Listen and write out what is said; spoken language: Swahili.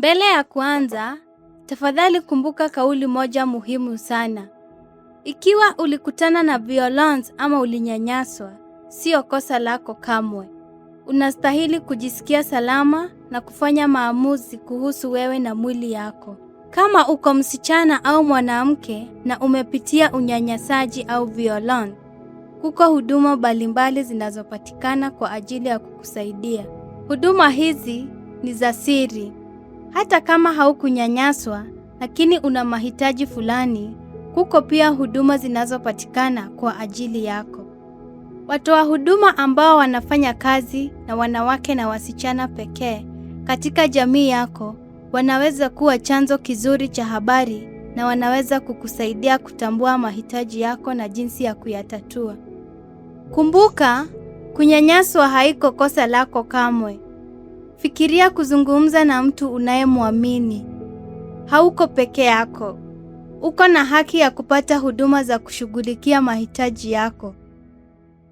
Mbele ya kuanza, tafadhali kumbuka kauli moja muhimu sana. Ikiwa ulikutana na violence ama ulinyanyaswa, sio kosa lako kamwe. Unastahili kujisikia salama na kufanya maamuzi kuhusu wewe na mwili yako. Kama uko msichana au mwanamke na umepitia unyanyasaji au violence, kuko huduma mbalimbali zinazopatikana kwa ajili ya kukusaidia. Huduma hizi ni za siri. Hata kama haukunyanyaswa, lakini una mahitaji fulani, kuko pia huduma zinazopatikana kwa ajili yako. Watoa huduma ambao wanafanya kazi na wanawake na wasichana pekee katika jamii yako wanaweza kuwa chanzo kizuri cha habari na wanaweza kukusaidia kutambua mahitaji yako na jinsi ya kuyatatua. Kumbuka, kunyanyaswa haiko kosa lako kamwe. Fikiria kuzungumza na mtu unayemwamini. Hauko peke yako. Uko na haki ya kupata huduma za kushughulikia mahitaji yako.